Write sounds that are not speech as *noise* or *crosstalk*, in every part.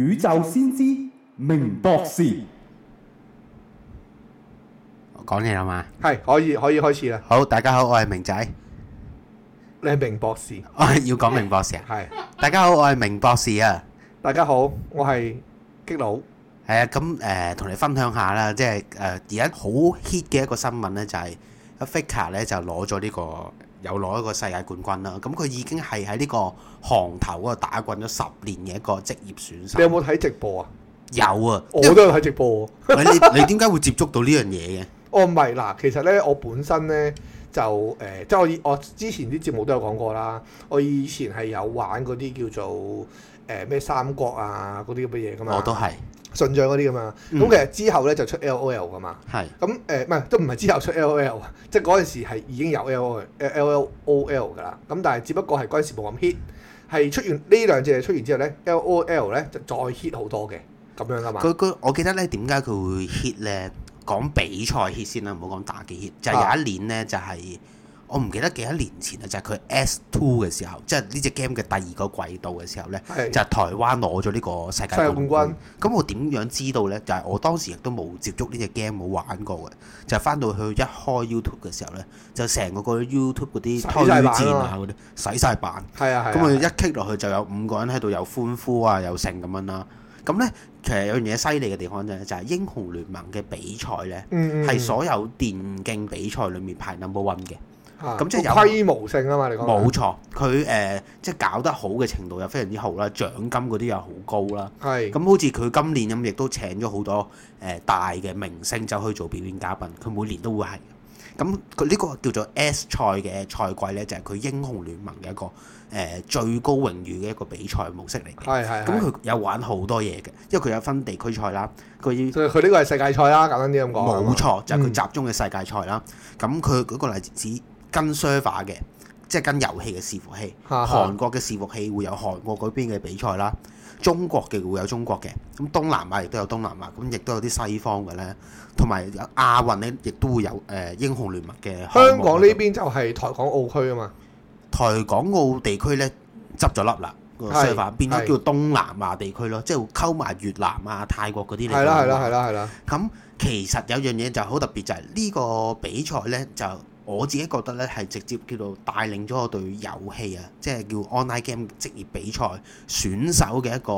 宇宙先知明博士，講嘢啦嘛，係可以可以開始啦。好，大家好，我係明仔，你係明博士，我係要講明博士啊。係，大家好，我係明博士啊。大家好，我係激佬。係啊，咁誒，同你分享下啦，即係誒而家好 hit 嘅一個新聞咧，就係阿 Faker 咧就攞咗呢個。有攞一個世界冠軍啦，咁佢已經係喺呢個行頭度打滾咗十年嘅一個職業選手。你有冇睇直播啊？有啊，為我都有睇直播，啊 *laughs* 你。你你點解會接觸到呢樣嘢嘅？哦，唔係嗱，其實咧，我本身咧就誒、呃，即係我我之前啲節目都有講過啦。我以前係有玩嗰啲叫做誒咩、呃、三國啊嗰啲咁嘅嘢噶嘛。我都係。.信象嗰啲咁嘛，咁、嗯、其實之後咧就出 L O L 噶嘛，係是，咁誒唔係都唔係之後出 L O L 啊，即係嗰陣時係已經有 L L O L 噶啦，咁但係只不過係嗰陣時冇咁 hit，係出現呢兩隻出完之後咧，L O L 咧就再 hit 好多嘅，咁樣噶嘛。佢佢我記得咧點解佢會 hit 咧？講比賽 hit 先啦、啊，唔好講打機 hit。就有一年咧、啊、就係、是。我唔記得幾多年前咧，就係、是、佢 S Two 嘅時候，即係呢隻 game 嘅第二個季度嘅時候呢的就係台灣攞咗呢個世界，世界冠軍。咁我點樣知道呢？就係、是、我當時亦都冇接觸呢隻 game 冇玩過嘅，就係翻到去一開 YouTube 嘅時候呢就成個個 YouTube 嗰啲推薦啊嗰啲洗晒版，咁我一 click 落去就有五個人喺度有歡呼啊有勝咁樣啦、啊。咁呢，其實有樣嘢犀利嘅地方就係、是、英雄聯盟嘅比賽呢係、嗯嗯、所有電競比賽裡面排 number one 嘅。咁、啊、即係有規模性啊嘛！你講冇錯，佢誒、呃、即係搞得好嘅程度又非常之好啦，獎金嗰啲又好高啦。係。咁好似佢今年咁，亦都請咗好多誒、呃、大嘅明星走去做表演嘉賓，佢每年都會係。咁佢呢個叫做 S 賽嘅賽季咧，就係、是、佢英雄聯盟嘅一個誒、呃、最高榮譽嘅一個比賽模式嚟。係係。咁佢有玩好多嘢嘅，因為佢有分地區賽啦，佢佢呢個係世界賽啦，簡單啲咁講。冇錯，就係、是、佢集中嘅世界賽啦。咁佢嗰個例子。跟 server 嘅，即係跟遊戲嘅伺服器，哈哈，韓國嘅伺服器會有韓國嗰邊嘅比賽啦，中國嘅會有中國嘅，咁東南亞亦都有東南亞，咁亦都有啲西方嘅咧，同埋亞運咧亦都會有誒英雄聯盟嘅。香港呢邊就係台港澳區啊嘛，台港澳地區咧執咗笠啦，server 變咗叫做東南亞地區咯，的即係溝埋越南啊、泰國嗰啲嚟講。係啦，係啦，係啦，係啦。咁其實有樣嘢就好特別，就係、是、呢個比賽咧就。我自己覺得咧係直接叫做帶領咗我對遊戲啊，即係叫 online game 職業比賽選手嘅一個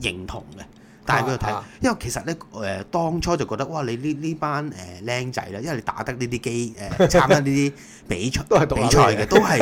認同嘅。但係佢就睇，因為其實呢，誒、呃、當初就覺得哇，你呢呢班誒靚仔咧，因為你打得呢啲機誒、呃，參加呢啲比賽嘅 *laughs* 都係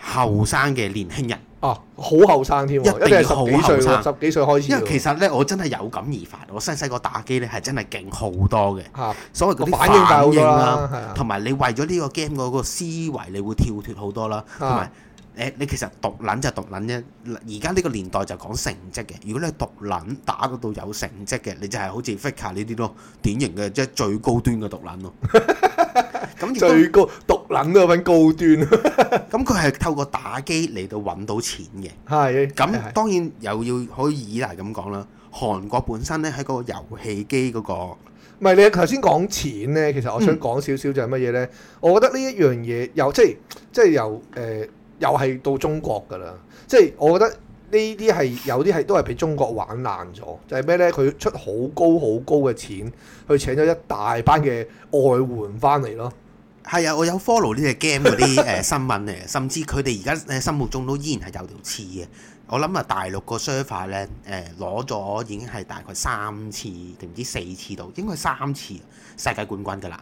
後生嘅年輕人。 *laughs* 哦，好後生添，啊、一定係好後生，十幾，十幾歲開始。因為其實咧，我真係有感而發，我細細個打機咧係真係勁好多嘅。嚇、啊，所謂嗰啲反應啦、啊，同埋、啊啊、你為咗呢個 game 嗰個思維，你會跳脱好多啦，同埋。啊誒、欸，你其實毒撚就毒撚啫，而家呢個年代就講成績嘅。如果你毒撚打到有成績嘅，你就係好似 Faker 呢啲咯，典型嘅即係最高端嘅毒撚咯。 *laughs* 最高毒撚都揾高端。咁佢係透過打機嚟到揾到錢嘅。係。咁當然又要可以以例咁講啦。韓國本身呢喺個遊戲機嗰、那個，唔係、嗯、你頭先講錢呢，其實我想講少少就係乜嘢呢？我覺得呢一樣嘢又即係即係又誒。呃又係到中國噶啦，即係我覺得呢啲係有啲係都係俾中國玩爛咗，就係、是、咩呢？佢出好高好高嘅錢去請咗一大班嘅外援翻嚟咯。係啊，我有 follow 呢隻 game 嗰啲誒、呃、新聞嚟，甚至佢哋而家誒心目中都依然係有條刺嘅。我諗啊，大陸個 server 咧誒攞咗已經係大概三次定唔知四次度，應該三次世界冠軍噶啦。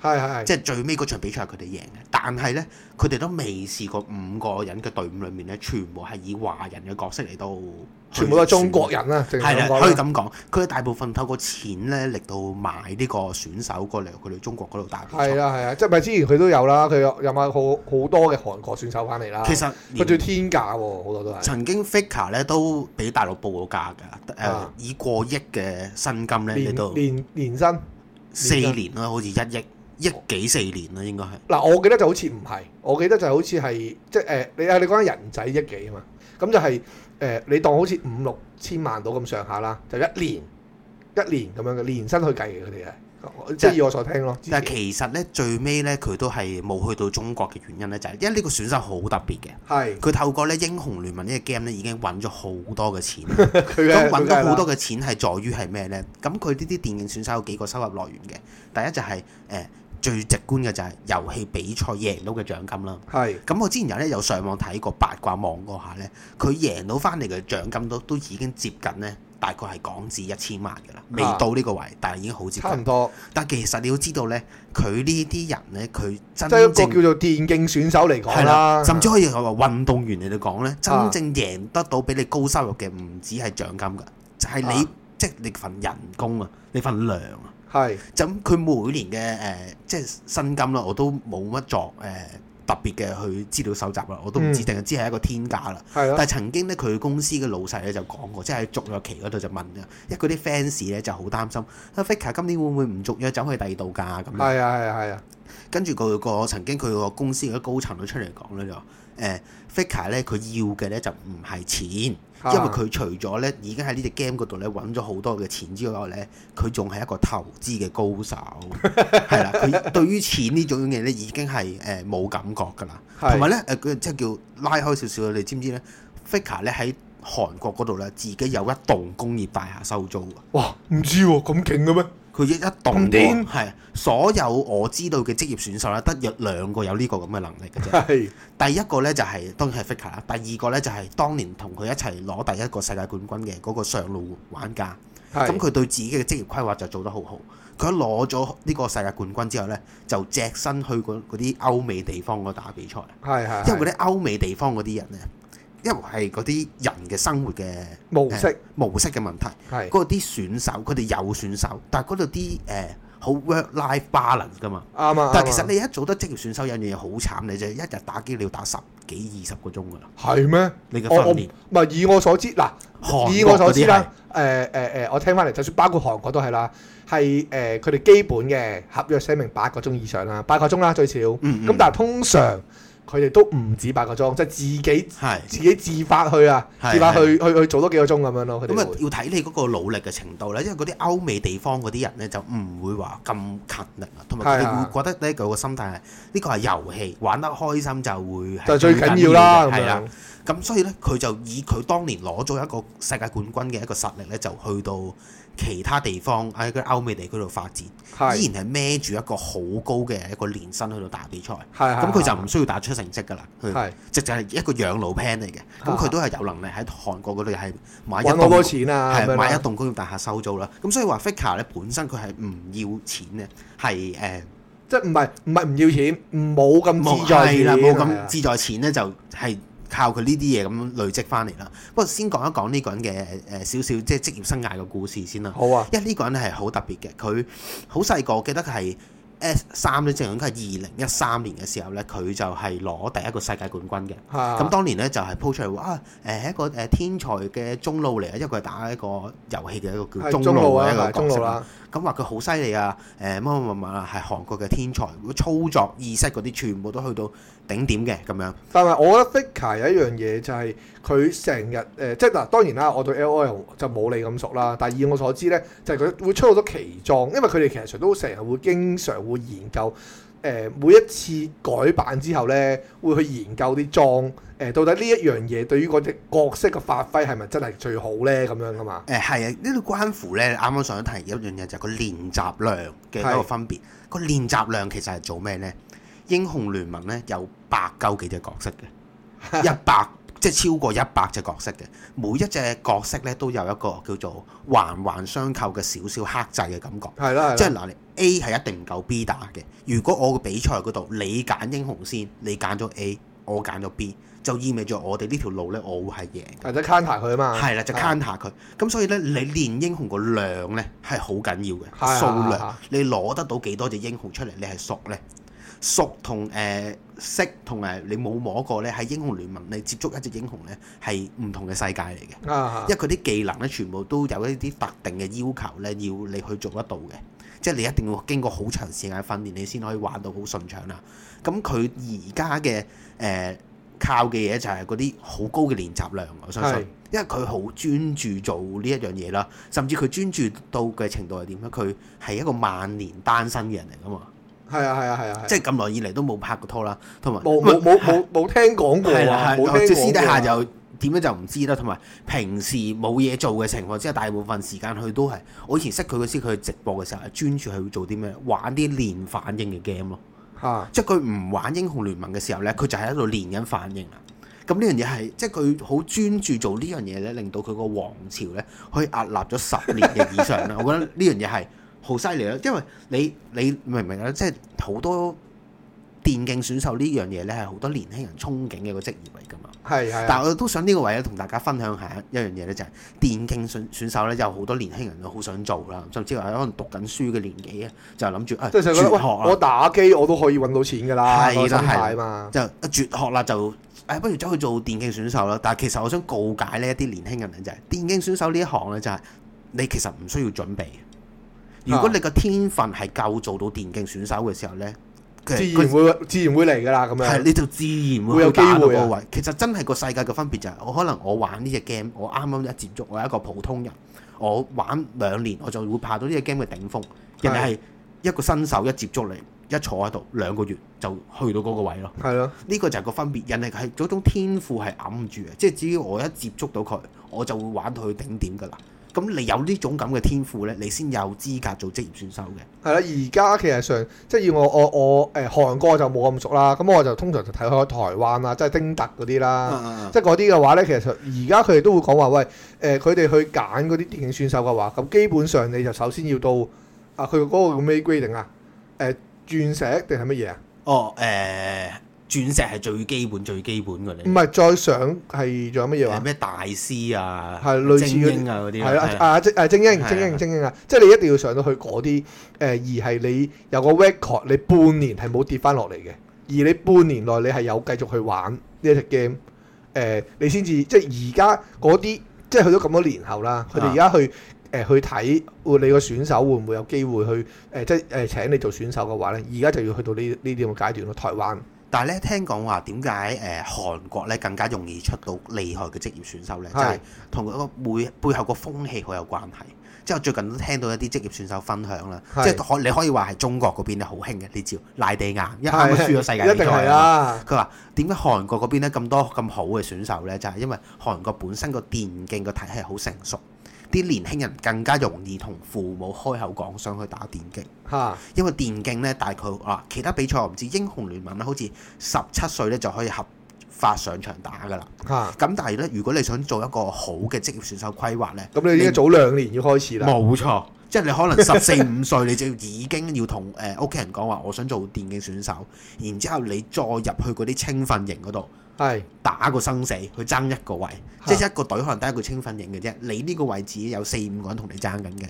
係係係，即係一、就是、最尾嗰場比賽佢哋贏嘅，但係咧佢哋都未試過五個人嘅隊伍裏面咧，全部係以華人嘅角色嚟到。全部都係中國人啊！係啦一，可以咁講，佢哋大部分透過錢咧嚟到買呢個選手過嚟，佢哋中國嗰度打。係啊，係一啊，即係咪之前佢都有啦，佢有有買好好多嘅韓國選手翻嚟啦。其實佢最天價喎，好多都係。曾經 Faker 咧都俾大陸報過價嘅，誒、呃、以過億嘅薪金咧嚟到年年，年，年，年薪四年啦、啊，好似一億。一幾四年啦，應該係嗱、啊，我記得就好似唔係，我記得就好似係即係誒、呃，你啊你講緊人仔一幾啊嘛，咁就係、是、誒、呃，你當好似五六千萬到咁上下啦，就一年一年咁樣嘅年薪去計嘅佢哋係，即係即以我所聽咯。但係其實咧，最尾咧，佢都係冇去到中國嘅原因咧、就是，就係因為呢個選手好特別嘅，係佢是的 透過咧英雄聯盟呢個 game 咧已經揾咗好多嘅錢，咁揾 *laughs* 是到好多嘅錢係在於係咩咧？咁佢呢啲電影選手有幾個收入來源嘅，第一就係、是、誒。最直觀嘅就係遊戲比賽贏到嘅獎金啦。係是。咁我之前有咧有上網睇過八卦望過下呢佢贏到翻嚟嘅獎金都都已經接近呢，大概係港紙一千萬嘅啦，是未到呢個位，但係已經好接近。差唔多。但其實你要知道呢，佢呢啲人呢，佢真正叫做電競選手嚟講、嗯、啦，甚至可以係話運動員嚟嚟講呢，真正贏得到比你高收入嘅唔止係獎金㗎，就係、是、你、嗯、即係你份人工啊，你份糧啊。係，咁佢是每年嘅誒、呃，即係薪金啦，我都冇乜作誒、呃、特別嘅去資料收集啦，我都唔知定係、嗯、只係一個天價啦。係咯的。但係曾經咧，佢公司嘅老細咧就講過，即係喺續約期嗰度就問啊，因為嗰啲 fans 咧就好擔心啊，Faker 今年會唔會唔續約走去第二度㗎咁樣。係啊係啊係啊。跟住佢個曾經佢個公司嗰啲高層都出嚟講咧就話，誒 Faker 咧佢要嘅咧就唔係錢。因為佢除咗咧已經喺呢隻 game 嗰度咧揾咗好多嘅錢之外咧，佢仲係一個投資嘅高手，係啦。 *laughs* 佢對於錢呢種嘢咧已經係誒冇感覺噶啦。同埋咧誒，即係叫拉開少少，你知唔知咧？Faker 咧喺韓國嗰度咧，自己有一棟工業大廈收租啊！哇，唔知喎，咁勁嘅咩？佢一一動，係所有我知道嘅職業選手咧，得約兩個有呢個咁嘅能力嘅啫。是第一個咧就係、是、當然係 Faker，第二個咧就係當年同佢一齊攞第一個世界冠軍嘅嗰個上路玩家。咁佢是對自己嘅職業規劃就做得好好。佢攞咗呢個世界冠軍之後咧，就隻身去嗰嗰啲歐美地方嗰打比賽。係係，因為嗰啲歐美地方嗰啲人咧。因為係嗰啲人嘅生活嘅模式、欸、模式嘅問題，係嗰啲選手，佢哋有選手，但係嗰度啲誒好、呃、work-life balance 㗎嘛，啱啊！啊但係其實你一做得職業選手，有樣嘢好慘，你就一日打機你要打十幾二十個鐘㗎啦。係咩嗎？你嘅訓練？唔係以我所知，嗱，以我所知啦，誒誒誒，我聽翻嚟，就算包括韓國都係啦，係誒，佢、呃、哋基本嘅合約寫明八個鐘以上啦，八個鐘啦最少。咁、嗯嗯、但係通常。佢哋都唔止八個鐘，即係自己是自己自發去啊，是自發去是去去做多幾個鐘咁樣咯。咁啊，要睇你嗰個努力嘅程度咧，因為嗰啲歐美地方嗰啲人咧就唔會話咁勤力，啊。同埋佢哋會覺得呢佢個心態係呢是、啊、個係遊戲，玩得開心就會係最緊要啦，係啦。咁這樣、啊、所以咧，佢就以佢當年攞咗一個世界冠軍嘅一個實力咧，就去到。其他地方喺嗰啲歐美地區度發展，依然係孭住一個好高嘅一個年薪去度打比賽，咁佢是的 就唔需要打出成績噶啦，係直直係一個養老 plan 嚟嘅，咁佢都係有能力喺韓國嗰度係買一棟係、啊、買一棟工業大廈收租啦，咁所以話 Faker 咧本身佢係唔要錢嘅，係誒，即係唔係唔係唔要錢，冇咁自在啦，冇咁自在錢咧就係。靠佢呢啲嘢咁累積翻嚟啦。不過先講一講呢個人嘅誒少少即係職業生涯嘅故事先啦。好啊。因為呢個人係好特別嘅，佢好細個記得佢係。S 三咧，正等佢係二零一三年嘅時候咧，佢就係攞第一個世界冠軍嘅。咁、啊嗯、當年咧就係鋪出嚟話，誒係一個誒天才嘅中路嚟啊，因為佢係打一個遊戲嘅一個叫中路嘅一個角色。咁話佢好犀利啊！誒乜乜乜啊，係、嗯、韓國嘅天才，操作意識嗰啲全部都去到頂點嘅咁樣。但係我覺得 Faker 有一樣嘢就係佢成日誒，即係嗱，當然啦、啊，我對 LOL 就冇你咁熟啦。但係以我所知咧，就係、是、佢會出好多奇裝，因為佢哋其實都成日會經常。會研究誒、呃，每一次改版之後呢，會去研究啲裝誒，到底呢一樣嘢對於嗰隻角色嘅發揮係咪真係最好呢？咁樣噶嘛？誒、呃，係啊，呢度關乎呢。啱啱想提一樣嘢就係個練習量嘅一個分別。的個練習量其實係做咩呢？英雄聯盟呢，有百鳩幾隻角色嘅 *laughs* 一百。即係超過一百隻角色嘅，每一隻角色咧都有一個叫做環環相扣嘅少少克制嘅感覺。係啦，即係嗱，你 A 係一定唔夠 B 打嘅。如果我個比賽嗰度你揀英雄先，你揀咗 A，我揀咗 B，就意味著我哋呢條路咧，我會係贏。或者 counter 佢啊嘛。係啦，就 counter 佢。咁的所以咧，你練英雄個量咧係好緊要嘅的數量。你攞得到幾多隻英雄出嚟，你係熟咧，熟同誒。呃識同埋你冇摸過呢。喺英雄聯盟你接觸一隻英雄呢，係唔同嘅世界嚟嘅。因為佢啲技能呢，全部都有一啲特定嘅要求呢，要你去做得到嘅。即係你一定要經過好長時間訓練，你先可以玩到好順暢啦。咁佢而家嘅誒靠嘅嘢就係嗰啲好高嘅練習量。我相信，是因為佢好專注做呢一樣嘢啦，甚至佢專注到嘅程度係點咧？佢係一個萬年單身嘅人嚟㗎嘛。係啊係啊係啊， *noise* 即係咁耐以嚟都冇拍過拖啦，同埋冇冇冇冇聽講過啊，啊聽啊即係私底下就點樣就唔知啦。同埋平時冇嘢做嘅情況之下，大部分時間佢都係我以前識佢嘅時，佢直播嘅時候係專注去做啲咩？玩啲練反應嘅 game 咯，啊、即係佢唔玩英雄聯盟嘅時候咧，佢就喺度練緊反應啊。咁呢樣嘢係即係佢好專注做呢樣嘢咧，令到佢個王朝咧可以屹立咗十年嘅以上啦。 *laughs* 我覺得呢樣嘢係。好犀利啦，因為你你明唔明啊？即係好多電競選手呢樣嘢呢，係好多年輕人憧憬嘅個職業嚟噶嘛。係係。但係我都想呢個位咧，同大家分享下一樣嘢呢，就係、是、電競選選手呢，有好多年輕人都好想做啦。甚至係可能讀緊書嘅年紀啊，就諗住即絕學啊，我打機我都可以揾到錢噶啦，係啦係嘛，就絕學啦就、哎、不如走去做電競選手啦。但係其實我想告解呢一啲年輕人呢，就係、是、電競選手呢一行呢，就係你其實唔需要準備。如果你個天分係夠做到電競選手嘅時候呢，佢會自然會嚟噶啦，咁它樣係你就自然會有機會打嗰個位。啊，其實真係個世界嘅分別就係、是，我可能我玩呢隻 game，我啱啱一接觸我係一個普通人，我玩兩年我就會爬到呢隻 game 嘅頂峰。人哋係一個新手一接觸你，一坐喺度兩個月就去到嗰個位咯。係咯、啊，呢個就係個分別。人哋係嗰種天賦係揞唔住嘅，即係只要我一接觸到佢，我就會玩到去頂點噶啦。咁你有呢種咁嘅天賦咧，你先有資格做職業選手嘅。係啦，而家其實上即係要我我我誒韓國就冇咁熟啦，咁我就通常就睇開台灣啦，即係丁特嗰啲啦，嗯嗯嗯即係嗰啲嘅話咧，其實而家佢哋都會講、呃、話，喂誒，佢哋去揀嗰啲電競選手嘅話，咁基本上你就首先要到啊，佢嗰個咩 grading 啊？誒、呃，鑽石定係乜嘢啊？哦，誒、呃。鑽石係最基本最基本嘅嚟，唔係再上係仲有乜嘢啊？咩大師啊，係類似嘅嗰啲，係啊，即誒，精啊，精英，精英，誒，精英精英啊！即係你一定要上到去嗰啲誒，而係你有個 record，你半年係冇跌翻落嚟嘅，而你半年內你係有繼續去玩呢隻 game，誒，你先至即係而家嗰啲，即係去咗咁多年後啦，佢哋而家去誒、呃、去睇會你個選手會唔會有機會去誒、呃、即係誒請你做選手嘅話咧，而家就要去到呢呢啲咁嘅階段咯，台灣。但係咧，聽講話點解誒韓國咧更加容易出到厲害嘅職業選手呢？是就係同個背背後個風氣好有關係。之後最近都聽到一啲職業選手分享啦，是即係可你可以話係中國嗰邊咧好興嘅。呢招，賴地亞一開都輸咗世界一定係啦、啊。佢話點解韓國嗰邊咧咁多咁好嘅選手呢？就係、是、因為韓國本身個電競個體系好成熟。啲年輕人更加容易同父母開口講想去打電競，哈 因為電競呢，大概啊其他比賽我，我唔知英雄聯盟啦，好似十七歲咧就可以合法上場打㗎喇。咁哈 但係呢，如果你想做一個好嘅職業選手規劃呢，咁你依家你早兩年要開始啦。冇錯，即係你可能十四五歲， *laughs* 你就已經要同誒屋企人講話，我想做電競選手，然之後你再入去嗰啲青訓營嗰度。係是打個生死去爭一個位，是即係一個隊可能得一個青訓型嘅啫。你呢個位置有四五個人同你爭緊嘅，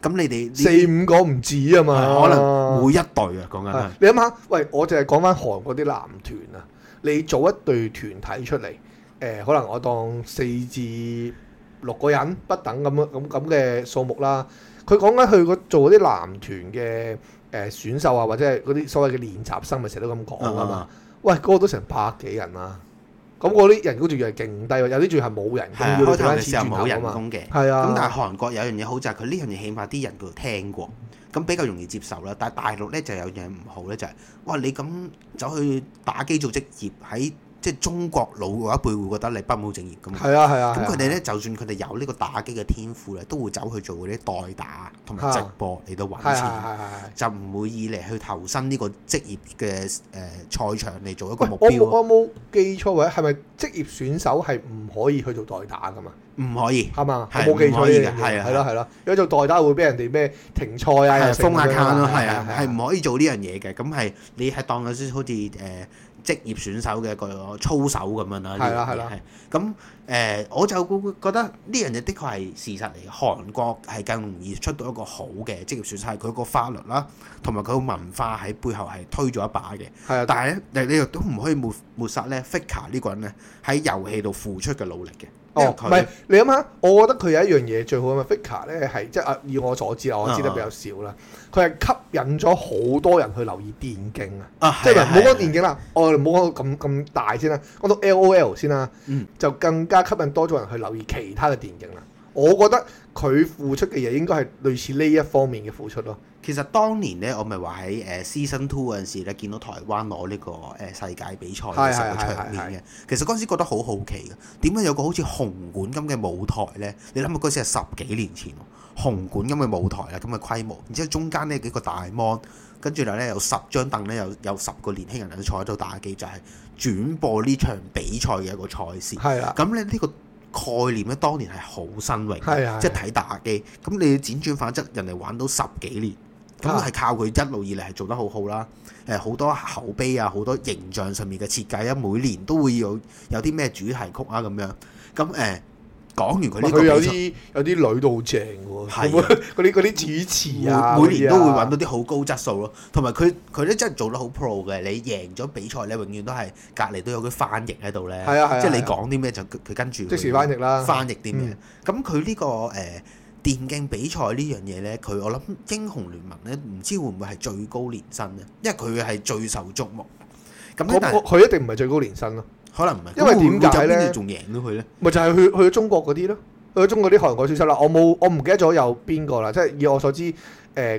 咁是你哋四五個唔止啊嘛，可能每一隊啊，講緊你諗下，喂，我就係講返韓國啲男團啊，你做一隊團體出嚟，誒、呃，可能我當四至六個人不等咁咁咁嘅數目啦。佢講緊去做嗰啲男團嘅誒選秀啊，或者係嗰啲所謂嘅練習生，咪成日都咁講㗎嘛。喂，嗰、那個都成百幾人啊！咁嗰啲人工仲要係勁低喎，的有啲仲係冇人工嘅。開頭嘅時候冇人工嘅。咁但係韓國有樣嘢好就係佢呢樣嘢起碼啲人佢都聽過，咁比較容易接受啦。但係大陸呢就有樣唔好呢，就係、是，哇！你咁走去打機做職業喺～即係中國老一輩會覺得你不務正業㗎嘛，啊係啊。咁佢哋咧，就算佢哋有呢個打機嘅天賦咧，都會走去做嗰啲代打同埋直播嚟到揾錢，就唔會以嚟去投身呢個職業嘅誒賽場嚟做一個目標。我我冇記錯位，係咪職業選手係唔可以去做代打㗎嘛？唔可以，係嘛？係冇記錯嘅，係啊，係咯係咯。如果做代打會俾人哋咩停賽啊封下卡 c 咯，係啊，係唔可以做呢樣嘢嘅。咁係你係當咗好似誒。職業選手嘅個操守咁樣啦、啊，係啦係啦。咁誒、啊呃，我就會覺得呢樣嘢的確係事實嚟嘅。韓國係更容易出到一個好嘅職業選手，係佢個法律啦、啊，同埋佢個文化喺背後係推咗一把嘅。係啊，啊但係咧，你你又都唔可以抹抹殺咧 Faker 呢個人咧喺遊戲度付出嘅努力嘅。哦，唔係你諗下，我覺得佢有一樣嘢最好啊嘛，Faker 咧係即係啊，以我所知啊，我知得比較少啦。佢係、啊、吸引咗好多人去留意電競啊，啊即係唔好講電競啦，嗯、我唔好講咁咁大先啦，講到 LOL 先啦，嗯、就更加吸引多咗人去留意其他嘅電競啦。我覺得。佢付出嘅嘢應該係類似呢一方面嘅付出咯。其實當年呢，我咪話喺誒 season two 嗰陣時咧，見到台灣攞呢、呢個誒、呃、世界比賽嘅場面嘅。其實嗰陣時覺得好好奇嘅，點解有個好似紅館咁嘅舞台呢？你諗下嗰時係十幾年前，紅館咁嘅舞台啦，咁嘅規模，然之後中間呢幾個大 mon，跟住呢有十張凳呢有有十個年輕人坐喺度打機，就係、是、轉播呢場比賽嘅一個賽事。係啦的，咁咧呢、呢個。概念咧，當年係好新穎，是的 即係睇打機。咁你輾轉反側，人哋玩到十幾年，咁係靠佢一路以嚟係做得好好啦。誒、呃，好多口碑啊，好多形象上面嘅設計啊，每年都會有有啲咩主題曲啊咁樣。咁、呃、誒。講完佢呢啲，有啲有啲女到好正喎，係嗰啲嗰啲主持啊，每，每年都會揾到啲好高質素咯。同埋佢佢咧真係做得好 pro 嘅。你贏咗比賽咧，你永遠都係隔離都有佢翻譯喺度咧，即係你講啲咩就佢跟住即時翻譯啦，翻譯啲咩？咁佢呢個誒、呃、電競比賽呢樣嘢咧，佢我諗英雄聯盟咧，唔知會唔會係最高年薪咧？因為佢係最受注目，咁但係佢一定唔係最高年薪咯。可能唔係，因為點解咧？仲贏咗佢咧？咪就係去去咗中國嗰啲咯，去咗中國啲韓國選手啦。我冇，我唔記得咗有邊個啦。即係以我所知，誒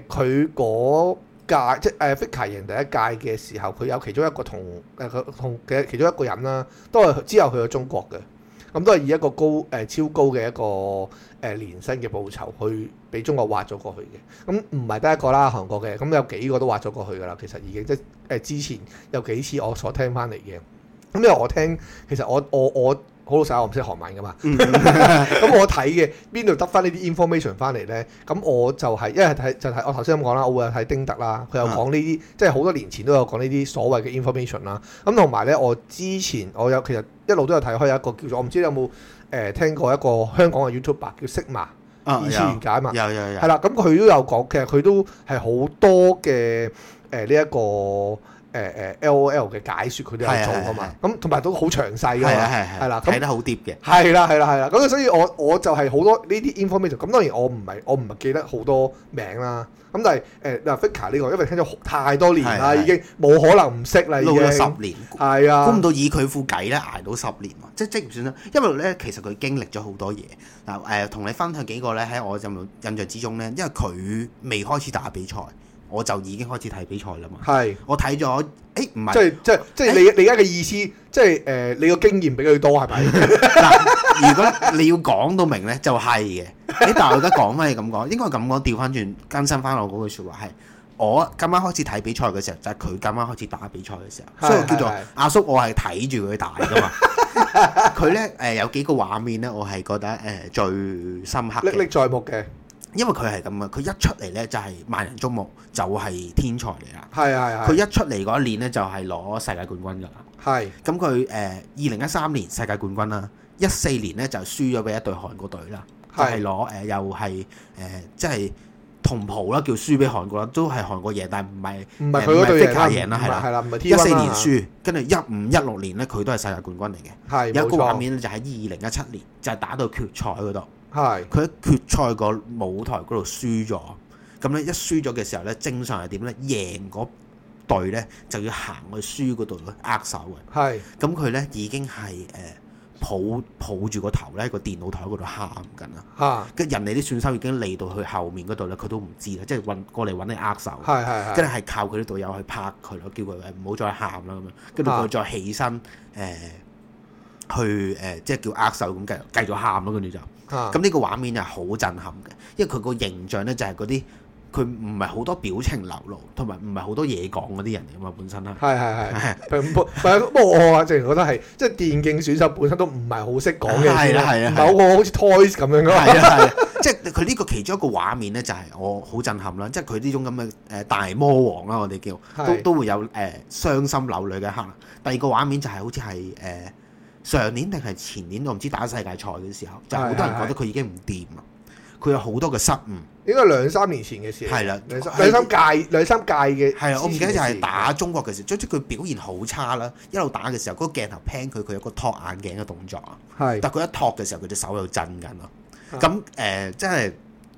佢嗰屆即係誒 Faker 贏第一屆嘅時候，佢有其中一個同誒佢同嘅其中一個人啦、啊，都係之後去咗中國嘅，咁、嗯、都係以一個高誒、呃、超高嘅一個誒年薪嘅報酬去俾中國挖咗過去嘅。咁唔係得一個啦，韓國嘅，咁有幾個都挖咗過去噶啦。其實已經即係誒之前有幾次我所聽翻嚟嘅。咁因為我聽，其實我我我好老實，我唔識韓文噶嘛。咁 *laughs* *laughs* 我睇嘅邊度得翻呢啲 information 翻嚟咧？咁我就係、是、因為睇就係我頭先咁講啦，我會有睇丁特啦，佢有講呢啲，嗯、即係好多年前都有講呢啲所謂嘅 information 啦。咁同埋咧，我之前我有其實一路都有睇，開有一個叫做我唔知你有冇誒、呃、聽過一個香港嘅 YouTuber 叫 Sigma，易解嘛？有有有。係啦，咁、嗯、佢都有講嘅，其實佢都係好多嘅誒呢一個。誒誒、呃、L O L 嘅解説佢都有做啊嘛，咁同埋都好詳細㗎嘛，係啦係啦，睇得好癲嘅，係啦係啦係啦，咁所以我，我我就係好多呢啲 information。咁當然我唔係我唔係記得好多名啦，咁但係誒嗱、呃、Faker 呢個，因為聽咗太多年啦，係啦係啦已經冇可能唔識啦，已經十年，係啊，估唔到以佢副計咧捱到十年喎，即即唔算啦。因為咧其實佢經歷咗好多嘢嗱誒，同、呃、你分享幾個咧喺我印印象之中咧，因為佢未開始打比賽。我就已經開始睇比賽啦嘛，係是，我睇咗，誒、欸，唔係，即係是我即係即係你、欸、你而家嘅意思，即係誒，你個經驗比佢多係咪？嗱， *laughs* 如果你要講到明咧，就係、是、嘅。誒、欸，但係我而家講翻係咁講，應該咁講，調翻轉更新翻我嗰句説話係，我今晚開始睇比賽嘅時候，就係、是、佢今晚開始打比賽嘅時候，是所以叫做阿叔，我係睇住佢打㗎嘛。佢咧誒有幾個畫面咧，我係覺得誒、呃、最深刻，歷歷在目嘅。因為佢係咁啊，佢一出嚟呢就係萬人矚目，就係、係、天才嚟啦。係係係。佢一出嚟嗰一年呢，就係攞世界冠軍噶啦。係是是。咁佢誒二零一三年世界冠軍啦，一四年呢就輸咗俾一隊韓國隊啦是是、呃呃，就係攞誒又係誒即係同袍啦，叫輸俾韓國啦，都係韓國贏，但係唔係唔係佢嗰隊、呃、贏贏啦係啦係啦，一四年輸，跟住一五一六年呢，佢都係世界冠軍嚟嘅，係有個畫面就喺二零一七年就打到決賽嗰度。係，佢喺決賽個舞台嗰度輸咗，咁咧一輸咗嘅時候咧，正常係點咧？贏嗰隊咧就要行去輸嗰度握手嘅。係是，咁佢咧已經係誒抱抱住個頭咧，喺個電腦台嗰度喊緊啦。嚇是！人哋啲選手已經嚟到去後面嗰度咧，佢都唔知啦，即係揾過嚟揾你握手。跟住係靠佢啲隊友去拍佢咯，叫佢誒唔好再喊啦咁樣，跟住佢再起身誒是、呃、去誒、呃，即係叫握手咁繼續繼續喊咯，跟住就。咁呢、嗯嗯、個畫面就係好震撼嘅，因為佢個形象咧就係嗰啲佢唔係好多表情流露，同埋唔係好多嘢講嗰啲人嚟嘛，本身啦。係係係。唔 *laughs* 不唔不過我啊，淨係覺得係即係電競選手本身都唔係好識講嘅。係啦係啦。有個好似 Toys 咁樣嘅嘛。係啊，係即係佢呢個其中一個畫面咧、就是，就係我好震撼啦！即係佢呢種咁嘅誒大魔王啦，我哋叫都是是都會有誒傷心流淚嘅一刻。第二個畫面就係、是、好似係誒。呃呃上年定係前年，我唔知打世界賽嘅時候，就好、是、多人覺得佢已經唔掂啦。佢的有好多嘅失誤，應該兩三年前嘅事。係啦的，兩兩三屆的兩三屆嘅，係啊，我唔記得就係打中國嘅時候，即係佢表現好差啦。一路打嘅時候，嗰的、那個鏡頭 pan 佢，佢有個托眼鏡嘅動作啊。的但佢一托嘅時候，佢隻手又震緊咯。咁誒，即、呃、係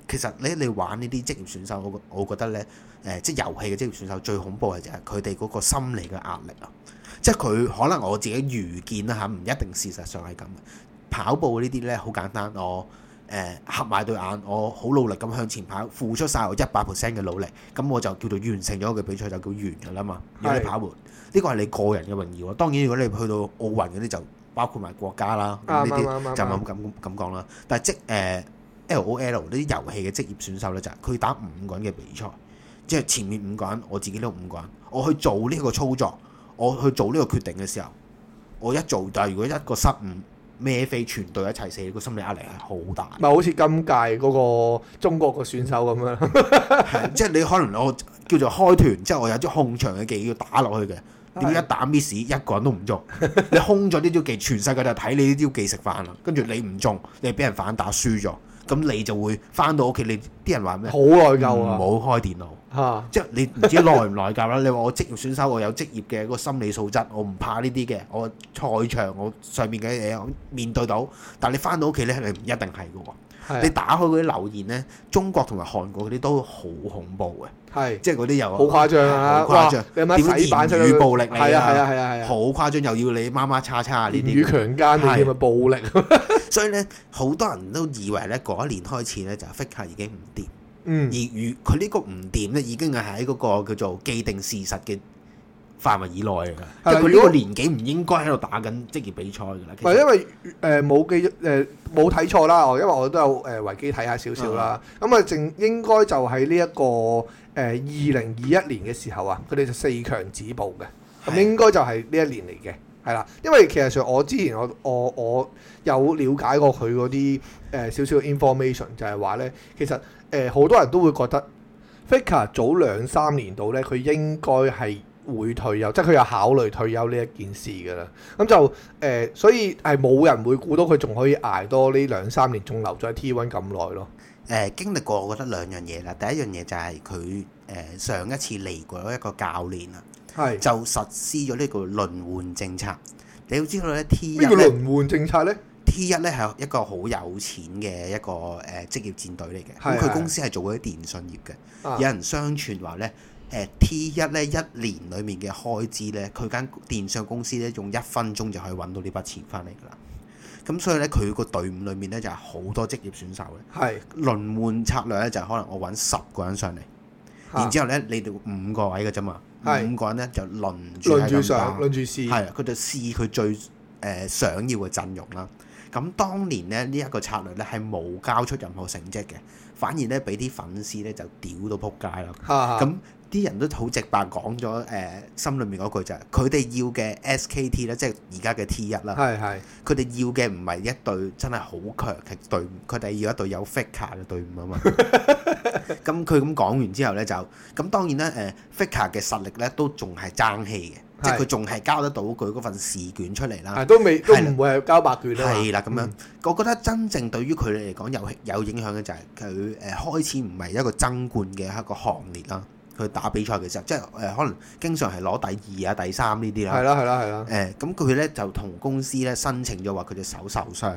其實你你玩呢啲職業選手，我我覺得呢，誒、呃，即係遊戲嘅職業選手最恐怖嘅就係佢哋嗰個心理嘅壓力啊。即係佢可能我自己愚見啦嚇，唔一定事實上係咁。跑步呢啲呢好簡單，我誒、呃、合埋對眼，我好努力咁向前跑，付出晒我一百 percent 嘅努力，咁我就叫做完成咗個比賽就叫完噶啦嘛。是如果你跑步，呢、呢個係你個人嘅榮耀。當然如果你去到奧運嗰啲就包括埋國家啦，呢啲就咁咁講啦。啊啊啊啊、但係即誒 L O L 呢啲遊戲嘅職業選手呢，就佢、是、打五個人嘅比賽，即係前面五個人，我自己都五個人，我去做呢個操作。我去做呢個決定嘅時候，我一做，但係如果一個失誤，孭飛全隊一齊死，個心理壓力係好大。咪好似今屆嗰個中國個選手咁樣， *laughs* 即係你可能我叫做開團之後，我有啲控場嘅技要打落去嘅，點 *laughs* 一打 miss，一個人都唔中， *laughs* 你空咗呢招技，全世界就睇你呢招技食飯啦，跟住你唔中，你係俾人反打輸咗。咁你就會翻到屋企，你啲人話咩？好內疚啊！唔好開電腦，哈 即係你唔知內唔內疚啦。 *laughs* 你話我職業選手，我有職業嘅、嗰個心理素質，我唔怕呢啲嘅。我賽場我上面嘅嘢我面對到，但你翻到屋企咧，你係咪唔一定係嘅喎。你打開嗰啲留言咧，中國同埋韓國嗰啲都好恐怖嘅，係是即係嗰啲又好誇張啊，點添語暴力嚟啊，係啊係啊係啊，好、啊啊啊啊、誇張又要你媽媽叉叉呢啲語強姦你添啊暴力，啊、 *laughs* 所以咧好多人都以為咧嗰一年開始咧就 Faker 已經唔掂，嗯、而與佢呢個唔掂咧已經係喺嗰個叫做既定事實嘅。範圍以內嘅，佢呢個年紀唔應該喺度打緊職業比賽嘅啦。其實因為誒冇、呃、記誒冇睇錯啦，因為我都有誒維基睇下少少啦。咁啊、嗯，正應該就喺呢一個誒二零二一年嘅時候啊，佢哋就四強止步嘅，咁的應該就係呢一年嚟嘅，係啦。因為其實上我之前我我我有了解過佢嗰啲誒少少 information，就係話咧，其實誒好、呃、多人都會覺得 Faker 早兩三年度咧，佢應該係。會退休，即係佢有考慮退休呢一件事㗎啦。咁就誒、呃，所以係冇人會估到佢仲可以捱多呢兩三年，仲留咗喺 T 一咁耐咯。誒、呃，經歷過，我覺得兩樣嘢啦。第一樣嘢就係佢誒上一次嚟過一個教練啦，係是就實施咗呢個輪換政策。你要知道咧，T 一呢個輪換政策咧，T 一咧係一個好有錢嘅一個誒職業戰隊嚟嘅。咁佢的公司係做嗰啲電信業嘅，有人相傳話咧。呃、T1 咧一年裏面嘅開支咧，佢間電商公司咧用一分鐘就可以揾到呢筆錢翻嚟㗎啦。咁所以咧，佢個隊伍裏面咧就係、是、好多職業選手嘅。係是輪換策略咧，就係、是、可能我揾十個人上嚟，是然之後咧，你哋五個位嘅啫嘛，是五個人咧就輪住上，輪住試。係佢就試佢最誒、呃、想要嘅陣容啦。咁當年呢，呢、這、一個策略咧係冇交出任何成績嘅，反而咧俾啲粉絲咧就屌到撲街啦。咁是啲人都好直白講咗，誒、呃、心裏面嗰句就係佢哋要嘅 SKT 咧，即係而家嘅 T1 啦。佢哋要嘅唔係一隊真係好強嘅隊伍，佢哋是是 要一隊有 Faker 嘅隊伍啊嘛。咁佢咁講完之後呢，就咁當然啦誒 Faker 嘅實力呢都仲係爭氣嘅，係係即係佢仲係交得到佢嗰份試卷出嚟未啦。係都未都唔會係交白卷啦。係啦，咁、嗯、樣我覺得真正對於佢哋嚟講有有影響嘅就係佢誒開始唔係一個爭冠嘅一個行列啦。佢打比賽嘅時候，即係誒、呃、可能經常係攞第二啊、第三呢啲啦。係啦，係啦，係啦。誒、呃，咁佢咧就同公司咧申請咗話佢隻手受傷，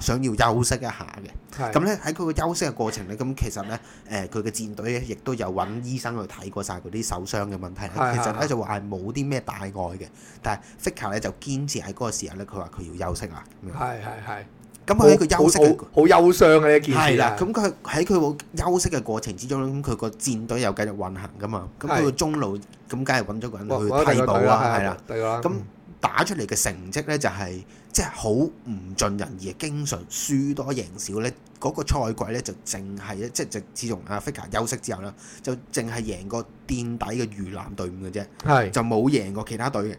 想要休息一下嘅。係。咁咧喺佢個休息嘅過程咧，咁其實咧誒佢嘅戰隊咧亦都有揾醫生去睇過晒佢啲受傷嘅問題，其實咧就話係冇啲咩大礙嘅。但係 Faker 咧就堅持喺嗰個時候咧，佢話佢要休息啊。係係係。咁佢喺佢休息好好，好，好憂傷嘅一件事啦。咁佢喺佢冇休息嘅過程之中，咁佢個戰隊又繼續運行噶嘛。咁佢個中路，咁梗係揾咗個人去替補啊，係啦，哦。咁打出嚟嘅成績呢，就係，嗯，就係即係好唔盡人意，經常輸多贏少呢嗰，嗰個賽季呢，就淨係即係自從阿 Faker 休息之後呢，就淨係贏過墊底嘅越南隊伍嘅啫，的就冇贏過其他隊嘅。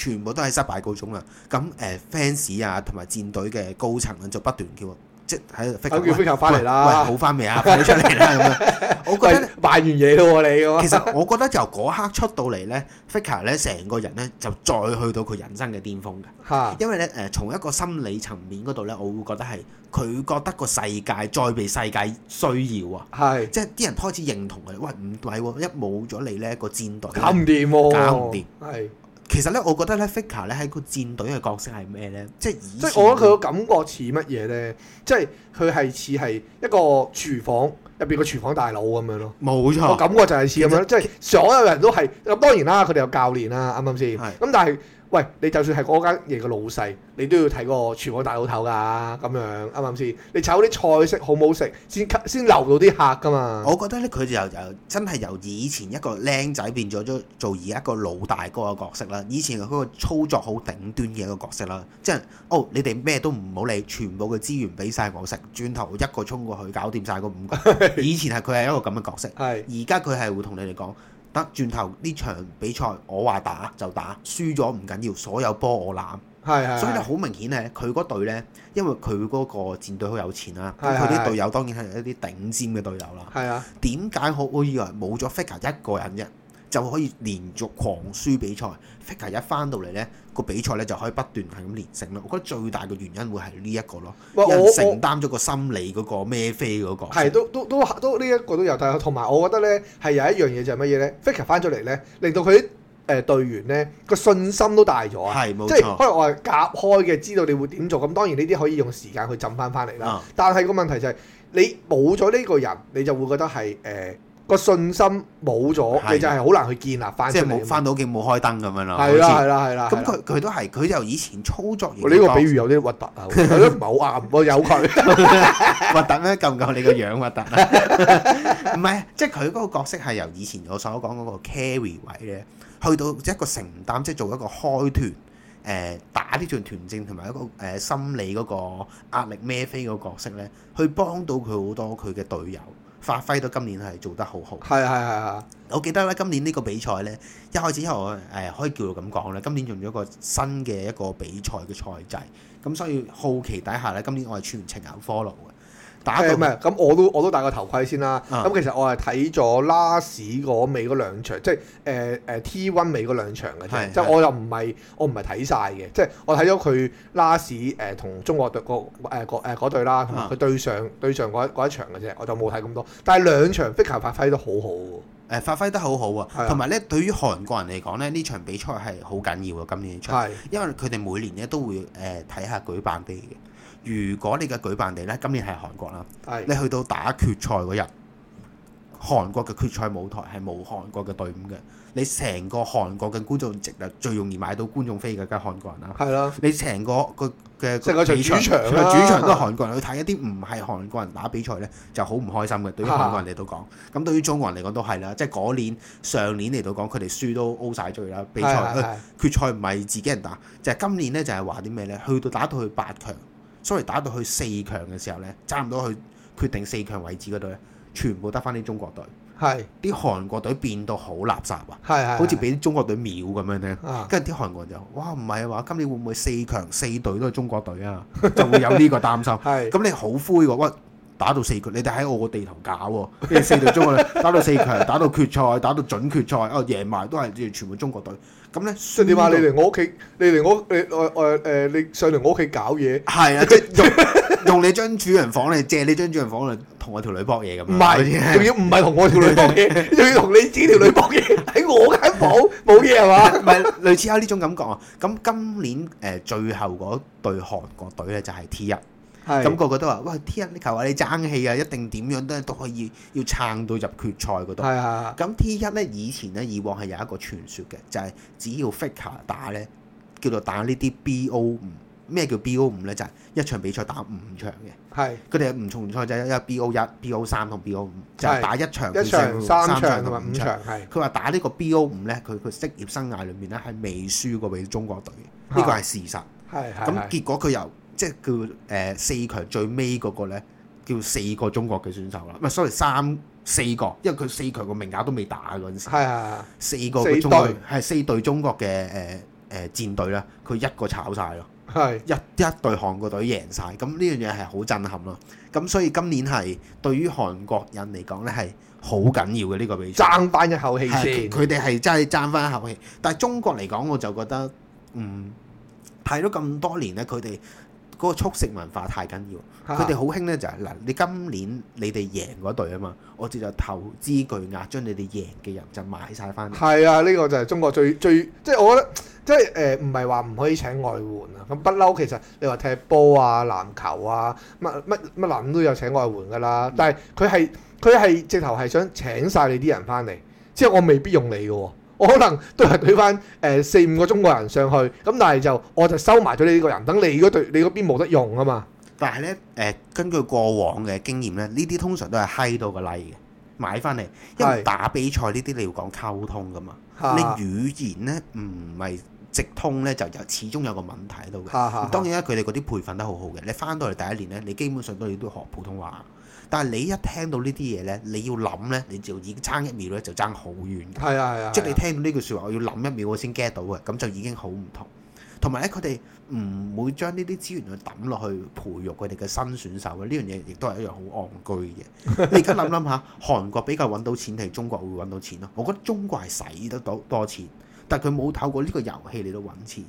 全部都係失敗告終啦，咁誒 fans 啊，同埋戰隊嘅高層咧就不斷叫，即係。佢叫 Faker 翻嚟啦，好翻未啊？翻嚟啦咁樣。我覺得賣完嘢咯，你其實我覺得就嗰刻出到嚟咧，Faker 咧成個人咧就再去到佢人生嘅巔峯嘅，因為咧誒從一個心理層面嗰度咧，我會覺得係佢覺得個世界再被世界需要啊，即係啲人開始認同佢，喂，唔係喎！一冇咗你咧，個戰隊搞唔掂，搞唔掂，係。其實咧，我覺得咧，Faker 咧喺個戰隊嘅角色係咩咧？即係即係我覺得佢個感覺似乜嘢咧？即係佢係似係一個廚房入邊個廚房大佬咁樣咯。冇錯，我感覺就係似咁樣，實即係所有人都係咁。當然啦，佢哋有教練啦，啱啱先？係咁是、嗯，但係。喂，你就算係嗰間嘢嘅老細，你都要睇個廚房大佬頭㗎，咁樣啱唔啱先？你炒啲菜式好唔好食，先先留到啲客㗎嘛。我覺得呢，佢就由真係由以前一個靚仔變咗做做而家一個老大哥嘅角色啦。以前係嗰個操作好頂端嘅一個角色啦，即係哦，你哋咩都唔好理，全部嘅資源俾晒我食，轉頭一個衝過去搞掂晒嗰五個。 *laughs* 以前係佢係一個咁嘅角色，係而家佢係會同你哋講。得轉頭呢場比賽，我話打就打，輸咗唔緊要，所有波我攬。是的 所以咧好明顯咧，佢嗰隊咧，因為佢嗰個戰隊好有錢啦，佢啲是的 隊友當然係一啲頂尖嘅隊友啦。係點解我我以為冇咗 Faker 一個人啫，就可以連續狂輸比賽？Faker 一翻到嚟呢，個比賽咧就可以不斷係咁連勝咯，我覺得最大嘅原因會係呢、這個、我一個咯，因為承擔咗個心理嗰、那個咩飛嗰個係都都都都呢一、這個都有，但係同埋我覺得咧係有一樣嘢就係乜嘢咧，Faker 翻咗嚟咧，令到佢誒隊員咧個信心都大咗啊，係冇錯，即係可能我係夾開嘅，知道你會點做，咁當然呢啲可以用時間去浸翻翻嚟啦，嗯、但係個問題就係、是、你冇咗呢個人，你就會覺得係誒。呃個信心冇咗，其實就係好難去建立翻。即係冇翻到屋企冇開燈咁樣啦。係啦係啦係啦。咁佢佢都係，佢就以前操作。我呢個比喻有啲核突啊！佢都唔係好啱。我有佢核突咩？夠唔夠你個樣核突啊？唔係，即係佢嗰個角色係由以前我所講嗰個 carry 位咧，去到一個承擔，即係做一個開團、誒打呢團團戰，同埋一個誒心理嗰個壓力孭飛嗰個角色咧，去幫到佢好多佢嘅隊友。發揮到今年係做得好好，係係係啊！ *music* 我記得咧，今年呢個比賽咧，一開始我誒可以叫做咁講咧，今年用咗個新嘅一個比賽嘅賽制，咁所以好奇底下咧，今年我係全程 follow。誒唔係，咁我都我都戴個頭盔先啦。咁其實我係睇咗拉史嗰尾嗰兩場，即係誒誒 T1 尾嗰兩場嘅啫。即係我又唔係我唔係睇晒嘅，即係我睇咗佢拉史誒同中國隊個誒個嗰對啦，佢對上對上嗰一場嘅啫，我就冇睇咁多。但係兩場 Faker 發揮得好好喎。誒，發揮得好好啊！同埋咧，對於韓國人嚟講咧，呢場比賽係好緊要嘅今年賽，因為佢哋每年咧都會誒睇下舉辦啲嘅。如果你嘅舉辦地呢，今年係韓國啦，的你去到打決賽嗰日，韓國嘅決賽舞台係冇韓國嘅隊伍嘅，你成個韓國嘅觀眾席啊，最容易買到觀眾飛嘅，梗係韓國人啦。係咯的，你成個個嘅即場主場主場，啊、主場都係韓國人去睇一啲唔係韓國人打比賽呢就好唔開心嘅。對於韓國人嚟到講，咁的對於中國人嚟講都係啦，即係嗰年上年嚟到講，佢哋輸都 o 晒 t 曬啦，比賽決賽唔係自己人打，就係、是、今年呢就係話啲咩呢？去到打到去八強。所以打到去四強嘅時候呢，差唔多去決定四強位置嗰度咧，全部得翻啲中國隊，係啲是韓國隊變到好垃圾啊，是是是好似俾啲中國隊秒咁樣咧，跟住啲韓國人就，哇唔係啊嘛？今年會唔會四強四隊都係中國隊啊？ *laughs* 就會有呢個擔心，咁是你好灰喎，打到四強，你哋喺我個地頭搞，跟住四隊中國打到四強，打到決賽，打到準決賽，哦贏埋都係全部中國隊。咁咧，即你話你嚟我屋企，你嚟我，你誒誒、呃、你上嚟我屋企搞嘢，係啊，即係用用你張主人房嚟借你張主人房嚟同我條女博嘢咁。唔係， *laughs* 仲要唔係同我條女博嘢，仲 *laughs* 要同你自己條女博嘢喺我間房冇嘢係嘛？咪類似下呢種感覺啊！咁今年誒、呃、最後嗰隊韓國隊咧就係 T1。咁個個都話，喂！T 一求啊，你爭氣啊，一定點樣都都可以要撐到入決賽嗰度。咁 T 一呢以前呢，以往係有一個傳説嘅，就係只要 Faker 打呢，叫做打呢啲 BO 五。咩叫 BO 五呢？就係一場比賽打五場嘅。佢哋唔重賽就係有 BO 一、BO 三同 BO 五，就係打一場、一場、三場同埋五場。佢話打呢個 BO 五呢，佢佢職業生涯裏面呢，係未輸過俾中國隊，呢個係事實。咁結果佢又。即係叫誒、呃、四強最尾嗰個呢，叫四個中國嘅選手啦，唔係，sorry，三四個，因為佢四強個名額都未打嗰陣，係啊、哎呀，四個中國係四，隊四隊中國嘅誒誒戰隊啦，佢一個炒晒咯，是一一隊韓國隊贏晒。咁呢樣嘢係好震撼咯，咁所以今年係對於韓國人嚟講呢，係好緊要嘅呢、呢個比賽，爭翻一口氣先，佢哋係真係爭翻一口氣，但係中國嚟講我就覺得嗯睇咗咁多年呢，佢哋。嗰個速食文化太緊要，佢哋好興咧就係、是、嗱，你今年你哋贏嗰隊啊嘛，我就投資巨額將你哋贏嘅人就買晒翻嚟。係啊，呢、這個就係中國最最，即係我覺得即係誒，唔係話唔可以請外援啊。咁不嬲，其實你話踢波啊、籃球啊、乜乜乜籃都有請外援㗎啦。但係佢係佢係直頭係想請晒你啲人翻嚟，即係我未必用你㗎、啊。我可能都係對翻誒四五個中國人上去，咁但係就我就收埋咗你呢個人，等你嗰隊你嗰邊冇得用啊嘛。但係咧誒，根據過往嘅經驗咧，呢啲通常都係嗨到個例、like、嘅買翻嚟，因為打比賽呢啲你要講溝通噶嘛，的你語言咧唔係直通咧就有始終有個問題喺度嘅。的當然啦，佢哋嗰啲培訓得好好嘅，你翻到嚟第一年咧，你基本上都你都要學普通話，但係你一聽到呢啲嘢呢，你要諗呢，你就已經爭一秒呢，就爭好遠嘅。係啊係啊。即係你聽到呢句説話，我要諗一秒我先 get 到嘅，咁就已經好唔同。同埋咧，佢哋唔會將呢啲資源去抌落去培育佢哋嘅新選手嘅呢樣嘢，亦都係一樣好戇居嘅。 *laughs* 你而家諗諗下，韓國比較揾到錢定係中國會揾到錢咯？我覺得中國係使得到多錢，但係佢冇透過呢個遊戲嚟到揾錢。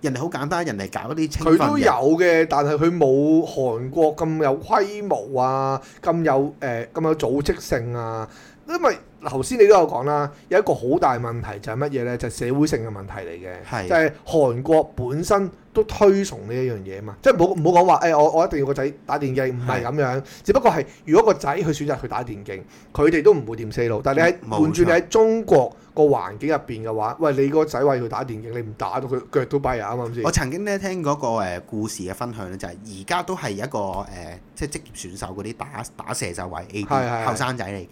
人哋好簡單，人哋搞啲清。佢都有嘅，但係佢冇韓國咁有規模啊，咁有誒咁、呃、有組織性啊。因為頭先你都有講啦，有一個好大問題就係乜嘢咧？就係、社會性嘅問題嚟嘅，是的 就係韓國本身都推崇呢一樣嘢嘛。即係唔好講話誒，我我一定要個仔打電競，唔係咁樣。是的 只不過係如果個仔去選擇去打電競，佢哋都唔會掂四路。但係你喺沒錯 換轉你喺中國，個環境入邊嘅話，喂，你個仔話佢打電競，你唔打到佢腳都跛啊，啱啱先？我曾經咧聽過一個誒故事嘅分享咧，就係而家都係一個誒，即、呃、係、就是、職業選手嗰啲打打射手位 AD 後生仔嚟嘅。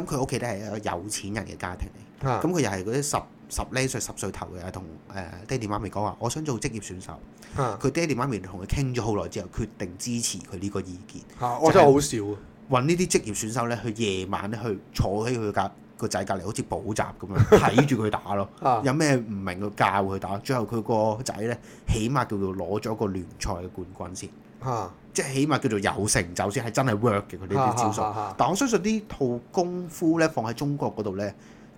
咁佢屋企咧係一個有錢人嘅家庭嚟，咁佢又係嗰啲十十零歲十歲頭嘅，同誒爹哋媽咪講話，我想做職業選手。佢是是 爹哋媽咪同佢傾咗好耐之後，決定支持佢呢個意見。我真係好笑啊！揾呢啲職業選手咧，去夜晚咧去坐喺佢架。個仔隔離好似補習咁樣睇住佢打咯，有咩唔明佢教佢打，最後佢個仔呢，起碼叫做攞咗個聯賽嘅冠軍先，即係起碼叫做有成就，先係真係 work 嘅佢呢啲招數。但我相信呢套功夫呢，放喺中國嗰度呢，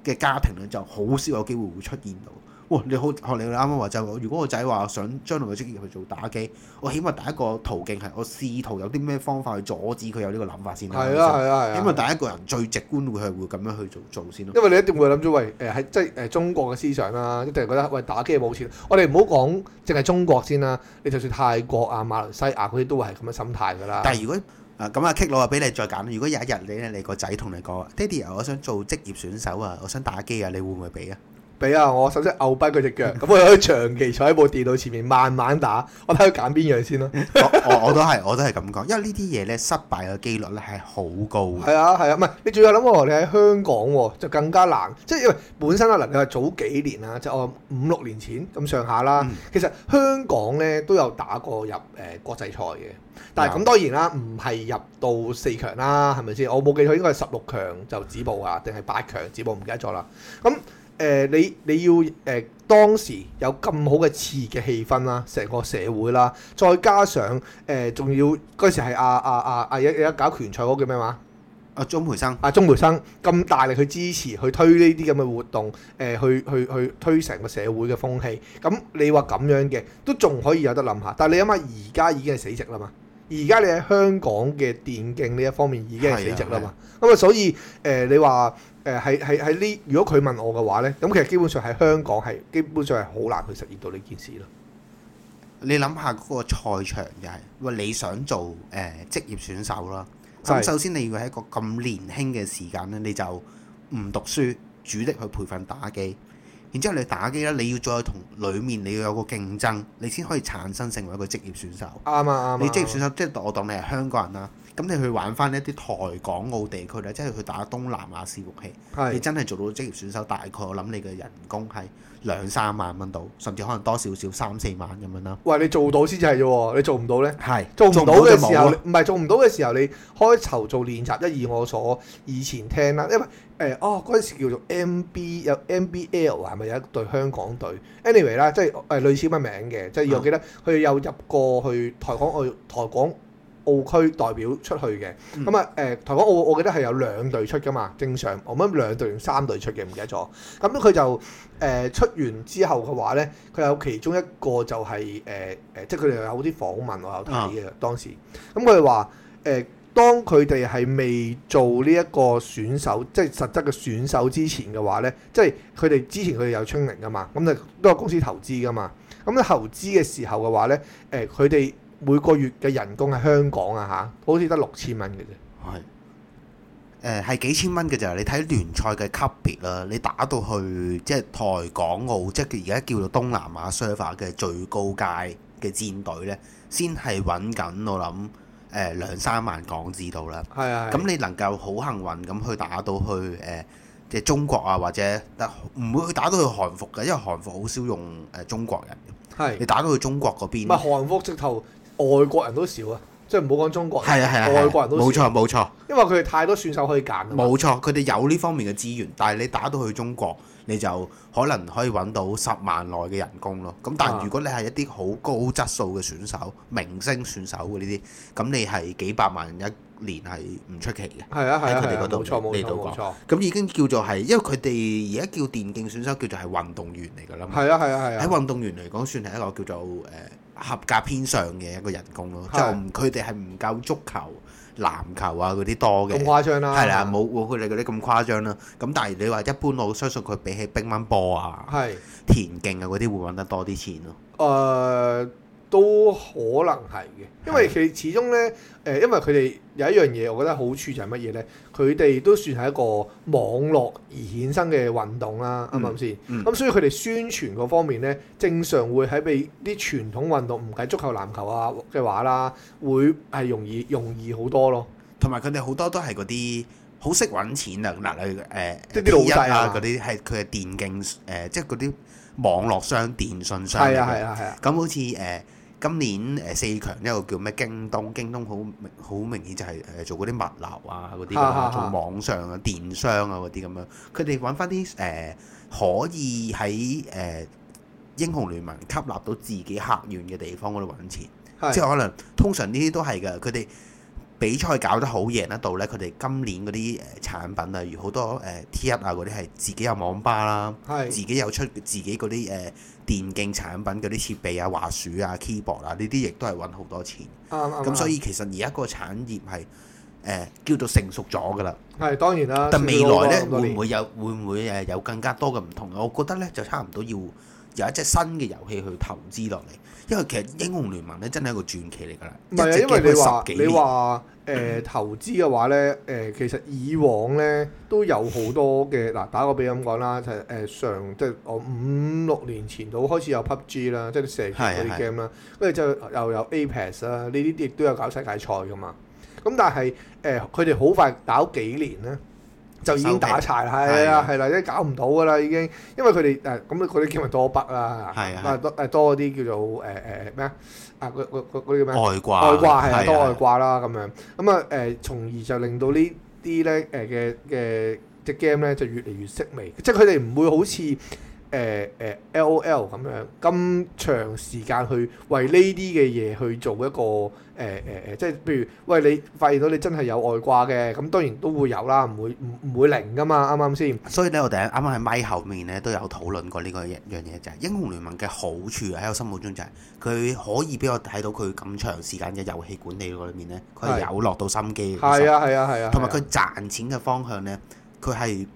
嘅家庭呢，就好少有機會會出現到。哦、你好，學你啱啱話就係，如果個仔話想將來嘅職業去做打機，我起碼第一個途徑係我試圖有啲咩方法去阻止佢有呢個諗法先。係啊係啊係啊！先啊啊因為第一個人最直觀會係會咁樣去做做先咯。因為你一定會諗咗喂，誒、呃、喺即係誒中國嘅思想啦、啊，一定係覺得喂打機冇錢。我哋唔好講，淨係中國先啦、啊。你就算泰國啊、馬來西亞嗰啲都會係咁嘅心態㗎啦。但係如果啊咁啊，kick 落啊，俾、呃、你再揀。如果有一日你你個仔同你講，爹哋，我想做職業選手啊，我想打機啊，你會唔會俾啊？俾啊！我首先拗跛佢隻腳，咁 *laughs* 我可以長期坐喺部電腦前面慢慢打。我睇佢揀邊樣先咯。 *laughs* 我我都係我都係咁講，因為呢啲嘢咧失敗嘅機率咧係好高。係啊係啊，唔係你仲要諗喎？你喺香港、啊、就更加難，即係因為本身嘅能力係早幾年啦、啊，即、就、係、是、我五六年前咁上下啦。嗯、其實香港咧都有打過入誒國際賽嘅，但係咁當然啦，唔係入到四強啦、啊，係咪先？我冇記錯應該係十六強就止步啊，定係八強止步？唔記得咗啦。咁、嗯。誒、呃、你你要誒、呃、當時有咁好嘅詞嘅氣氛啦，成個社會啦，再加上誒仲、呃、要嗰時係阿阿阿一一搞拳賽嗰個叫咩話？阿鍾、啊、培生，阿鍾、啊、培生咁大力去支持去推呢啲咁嘅活動，誒、呃、去去去推成個社會嘅風氣。咁你話咁樣嘅都仲可以有得諗下，但係你諗下而家已經係死寂啦嘛！而家你喺香港嘅電競呢一方面已經係死寂啦嘛。咁啊，所以誒、呃、你話。誒係係喺呢，如果佢問我嘅話呢，咁其實基本上喺香港係基本上係好難去實現到呢件事咯。你諗下嗰個賽場就係，哇！你想做誒職業選手啦，咁首先你要喺一個咁年輕嘅時間呢，你就唔讀書，主力去培訓打機，然之後你打機咧，你要再同裡面你要有個競爭，你先可以產生成為一個職業選手。啱啊，啱你職業選手即係我當你係香港人啦。咁你去玩翻一啲台港澳地區咧，即、就、係、是、去打東南亞試福氣。是你真係做到職業選手，大概我諗你嘅人工係兩三萬蚊到，甚至可能多少少三四萬咁樣啦。喂，你做到先至係啫，你做唔到咧？係是。做唔到嘅時候，唔係做唔到嘅時候，你開頭做練習，一二我所以前聽啦，因為誒、呃、哦嗰陣時叫做 MB 有 MBL 係咪有一隊香港隊？Anyway 啦，即係誒類似乜名嘅，即係、啊、我記得佢有入過去台港澳台港。澳區代表出去嘅，咁啊誒，台港澳，我記得係有兩隊出噶嘛，正常，我諗兩隊定三隊出嘅，唔記得咗。咁佢就誒、呃、出完之後嘅話咧，佢有其中一個就係誒誒，即係佢哋有啲訪問，我有睇嘅當時。咁佢哋話誒，當佢哋係未做呢一個選手，即係實質嘅選手之前嘅話咧，即係佢哋之前佢哋有青銅噶嘛，咁就都有公司投資噶嘛。咁咧投資嘅時候嘅話咧，誒佢哋。每個月嘅人工喺香港啊嚇，好似得六千蚊嘅啫。係，誒、呃、幾千蚊嘅啫。你睇聯賽嘅級別啦，你打到去即係台港澳，即係而家叫做東南亞 server 嘅最高階嘅戰隊呢，先係揾緊我諗誒兩三萬港紙度啦。咁、啊、你能夠好幸運咁去打到去誒、呃、即中國啊，或者唔會去打到去韓服嘅，因為韓服好少用誒中國人是你打到去中國嗰邊，咪韓服直頭。外國人都少啊，即係唔好講中國人，外國人都少，冇錯冇錯，因為佢哋太多選手可以揀。冇錯，佢哋有呢方面嘅資源，但係你打到去中國，你就可能可以揾到十萬內嘅人工咯。咁但係如果你係一啲好高質素嘅選手、明星選手嘅呢啲，咁你係幾百萬一年係唔出奇嘅。係啊係啊係啊，冇錯冇錯冇錯，咁已經叫做係，因為佢哋而家叫電競選手，叫做係運動員嚟噶啦嘛。係啊係啊係啊，喺運動員嚟講，算係一個叫做誒、合格偏上嘅一個人工咯，即係佢哋係唔夠足球、籃球啊嗰啲多嘅，咁誇張啦、啊，係啦，冇冇佢哋嗰啲咁誇張啦、啊。咁但係你話一般，我相信佢比起乒乓波啊、係田徑啊嗰啲會揾得多啲錢咯。誒、呃。都可能係嘅，因為其始終咧，誒，因為佢哋有一樣嘢，我覺得好處就係乜嘢咧？佢哋都算係一個網絡而衍生嘅運動啊，啱唔啱先？咁、嗯、所以佢哋宣傳嗰方面咧，正常會喺比啲傳統運動，唔計足球、籃球啊嘅話啦，會係容易容易好多咯。同埋佢哋好多都係嗰啲好識揾錢啊！嗱，嗯，誒，即係啲老細啊，嗰啲係佢嘅電競誒，即係嗰啲網絡商、電信商嘅。係啊，係啊，係啊。咁好似誒。今年誒、呃、四強呢個叫咩？京東，京東好明好明顯就係、是、誒、呃、做嗰啲物流啊、嗰啲做網上啊、電商啊嗰啲咁樣，佢哋揾翻啲誒可以喺誒、呃、英雄聯盟吸納到自己客源嘅地方嗰度揾錢，是的 即係可能通常呢啲都係嘅，佢哋。比賽搞得好贏得到呢，佢哋今年嗰啲誒產品，例如好多誒、呃、T1 啊嗰啲係自己有網吧啦，是自己有出自己嗰啲誒電競產品嗰啲設備啊、滑鼠啊、keyboard 啊呢啲，亦都係揾好多錢。咁、嗯嗯、所以其實而家個產業係、呃、叫做成熟咗㗎啦。係當然啦。但未來呢，那那會唔會有會唔會誒有，有更加多嘅唔同我覺得呢，就差唔多要。有一隻新嘅遊戲去投資落嚟，因為其實英雄聯盟咧真係一個傳奇嚟㗎啦，唔係啊，game 咗十幾年，因為你話誒、嗯呃、投資嘅話咧，誒、呃、其實以往咧都有好多嘅，嗱 *laughs* 打個比咁講啦，就誒、是呃、上即係我五六年前度開始有 PUBG 啦，即係射擊嗰啲 game 啦，跟住是的 就又有 Apex 啦，呢啲亦都有搞世界賽㗎嘛。咁但係誒佢哋好快搞幾年咧？就已經打柴啦，係機啊，係啦、啊，一、啊、搞唔到噶啦，已經，因為佢哋誒咁嗰啲叫咪多筆啦，係啊，多多啲叫做誒誒咩啊？啲叫咩？外掛瓜，外掛係、啊啊、多外掛啦咁樣，咁啊誒，從而就令到呢啲咧誒嘅嘅隻 game 咧就越嚟越式微，即係佢哋唔會好似。誒誒 L O L 咁樣咁長時間去為呢啲嘅嘢去做一個誒誒誒，即係譬如喂，你發現到你真係有外掛嘅，咁當然都會有啦，唔會唔唔會零噶嘛，啱啱先？所以咧，我哋啱啱喺咪後面咧都有討論過呢個一樣嘢就係《英雄聯盟》嘅好處喺我心目中就係佢可以俾我睇到佢咁長時間嘅遊戲管理裏面咧，佢有落到心機。係啊係啊係啊！同埋佢賺錢嘅方向咧，佢係。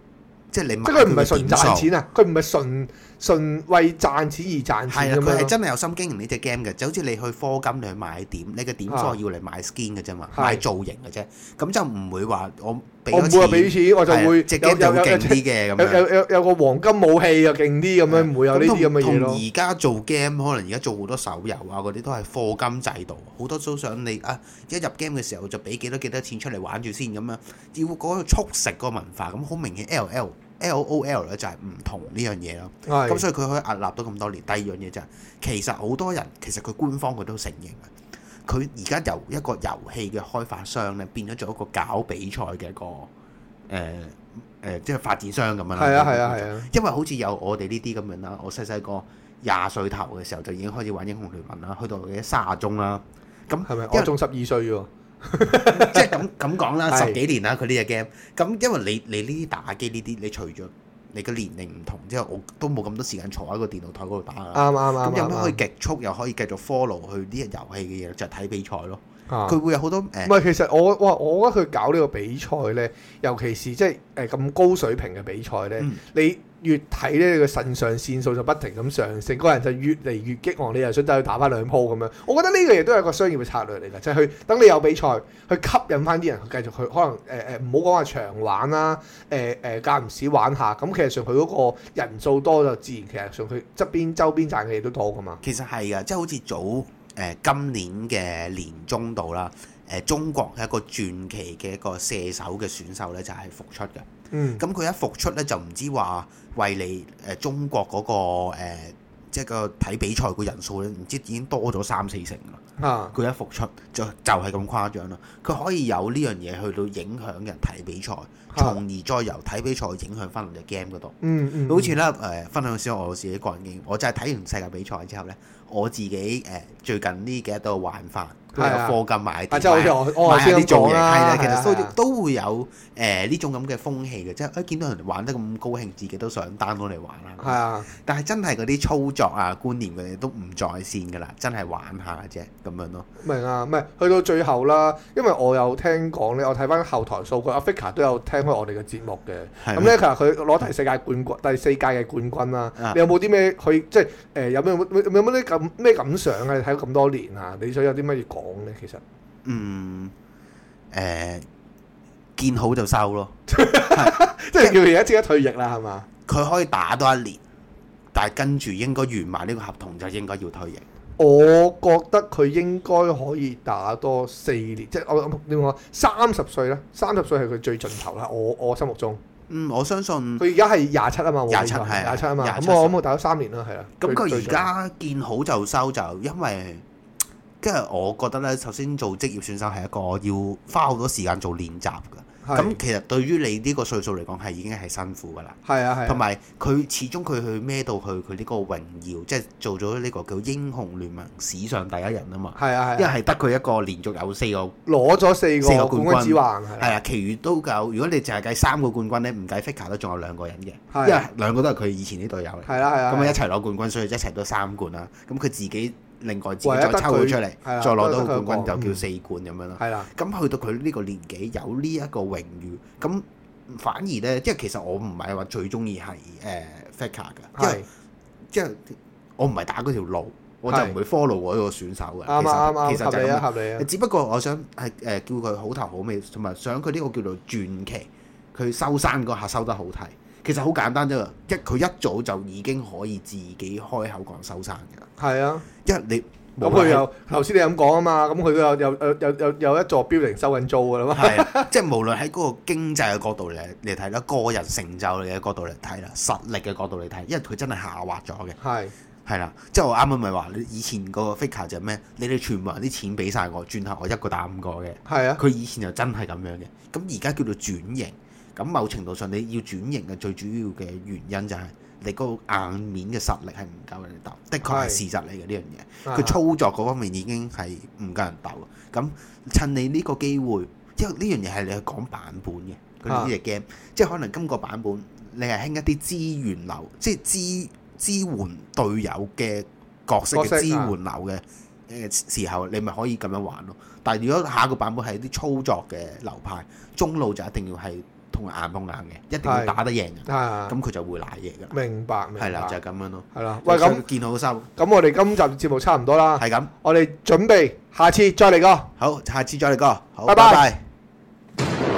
即係你買點佢唔係純賺錢啊！佢唔係純純為賺錢而賺錢，係啊！佢係真係有心經營呢隻 game 嘅，就好似你去課金你去買點，你嘅點數要嚟買 skin 嘅啫嘛，啊、買造型嘅啫，咁的就唔會話我。我唔會話俾錢，或者的會的有有有有，有，有個黃金武器又勁啲咁樣，唔的會有呢啲咁嘅。同而家做 game，可能而家做好多手遊啊，嗰啲都係課金制度，好多都想你啊一入 game 嘅時候就俾幾多幾多錢出嚟玩住先咁樣，要嗰個速食個文化。咁好明顯，L O L L O L 咧就係唔同呢樣嘢咯。咁的所以佢可以屹立到咁多年。第二樣嘢就係其實好多人，其實佢官方佢都承認。佢而家由一個遊戲嘅開發商咧，變咗做一個搞比賽嘅一個誒誒、呃呃，即係發展商咁樣啦！係啊係啊係啊！ *music* 因為好似有我哋呢啲咁樣啦，我細細個廿歲頭嘅時候就已經開始玩英雄聯盟啦，去到嘅三十啊鐘啦，咁係咪我仲十二歲喎？ *laughs* 即係咁咁講啦，十幾年啦佢呢隻 game，咁因為你你呢啲打機呢啲，你除咗～你嘅年齡唔同之後，我都冇咁多時間坐喺個電腦台嗰度打。啱啱咁有咩可以極速又可以繼續 follow 佢呢個遊戲嘅嘢，就係睇比賽咯。佢會有好多誒，唔、呃、係其實我哇，我覺得佢搞呢個比賽咧，尤其是即係誒咁高水平嘅比賽咧、嗯，你越睇咧你個腎上腺素就不停咁上升，個人就越嚟越激昂，你又想走去打翻兩鋪咁樣。我覺得呢個嘢都係一個商業嘅策略嚟噶，就係、是、去等你有比賽，去吸引翻啲人去繼續去，可能誒誒唔好講話長玩啦，誒誒間唔時玩下。咁、嗯、其實上佢嗰個人數多就自然，其實上佢側邊周邊賺嘅嘢都多噶嘛。其實係啊，即係好似早。誒、呃、今年嘅年終度啦，誒、呃、中國係一個傳奇嘅一個射手嘅選手呢，就係、是、復出嘅。咁佢、嗯、一復出呢，就唔知話為你誒、呃、中國嗰、那個、呃、即係個睇比賽個人數呢，唔知已經多咗三四成啦。佢、啊、一復出就就係咁誇張啦。佢可以有呢樣嘢去到影響人睇比賽，從而再由睇比賽影響翻落嘅 game 嗰度。好似呢，誒分享少我自己個人經驗，我就係睇完世界比賽之後呢。呢我自己誒最近呢幾日都玩法。係啊，課金買啲買啲做嘢。係啦，其實都都會有誒呢種咁嘅風氣嘅，即係一見到人哋玩得咁高興，自己都想 download 嚟玩啦。係啊，但係真係嗰啲操作啊、觀念嗰啲都唔在線㗎啦，真係玩下啫咁樣咯。明啊，唔係去到最後啦，因為我有聽講咧，我睇翻後台數據，Africa 都有聽開我哋嘅節目嘅。係。咁咧其實佢攞第世界冠第四屆嘅冠軍啦，你有冇啲咩去即係誒有咩有冇啲咁咩感想啊？你睇咁多年啊，你想有啲乜嘢講？講咧，其實嗯誒、呃，見好就收咯， *laughs* 是即係叫而家即刻退役啦，係嘛？佢可以打多一年，但係跟住應該完埋呢個合同就應該要退役。我覺得佢應該可以打多四年，即係我諗點講，三十歲咧，三十歲係佢最盡頭啦。我我，我心目中，嗯，我相信佢而家係廿七啊嘛，廿七係廿七啊嘛，咁我咁我打咗三年啦，係啦，咁佢而家見好就收就因為。跟住我覺得咧，首先做職業選手係一個要花好多時間做練習嘅。咁其實對於你呢個歲數嚟講，係已經係辛苦噶啦。係啊係。同埋佢始終佢去孭到去佢呢個榮耀，即係做咗呢個叫英雄聯盟史上第一人啊嘛。係啊係。因為係得佢一個連續有四個攞咗四個冠軍係啊，其餘都夠。如果你淨係計三個冠軍咧，唔計 Faker 都仲有兩個人嘅，因為兩個都係佢以前啲隊友。係啦係啊，咁啊一齊攞冠軍，所以一齊都三冠啦。咁佢自己。另外自己再抽佢出嚟，的再攞到個冠軍的就叫四冠咁、嗯、樣咯。係啦的，咁去到佢呢個年紀有呢一個榮譽，咁反而咧，即係其實我唔係話最中意係誒 Faker 嘅，因為即、呃、係的我唔係打嗰條路，我就唔會 follow 我嗰個選手嘅。啱啊的其實，其實就合理合理啊。只不過我想係誒、呃、叫佢好頭好尾，同埋想佢呢個叫做傳奇，佢收山嗰下收得好睇。其實好簡單啫，一佢一早就已經可以自己開口講收山嘅。係啊，因為你咁佢又頭先你咁講啊嘛，咁佢都有有有有有一座標嚟收緊租㗎啦嘛。係，即係無論喺嗰個經濟嘅角度嚟嚟睇啦，個人成就嘅角度嚟睇啦，實力嘅角度嚟睇，因為佢真係下滑咗嘅。係係啦，即係我啱啱咪話，以前個 figure 就咩？你哋全部人啲錢俾晒我，轉客我一個打五個嘅。係啊，佢以前就真係咁樣嘅，咁而家叫做轉型。咁某程度上，你要轉型嘅最主要嘅原因就係你個硬面嘅實力係唔夠人哋鬥，的確係事實嚟嘅呢樣嘢。佢的操作嗰方面已經係唔夠人鬥。咁趁你呢個機會，因為呢樣嘢係你去講版本嘅，佢呢隻 game，即係可能今個版本你係興一啲資源流，即係支支援隊友嘅角色嘅支援流嘅時候你咪可以咁樣玩咯。但係如果下個版本係一啲操作嘅流派，中路就一定要係。同硬碰硬嘅，一定要打得贏嘅，咁佢的就會賴嘢㗎。明白，係啦，就係、是、咁樣咯。係啦的，喂，咁見好心，咁我哋今集節目差唔多啦。係咁，我哋準備下次再嚟過。好，下次再嚟過。好，拜拜。拜拜。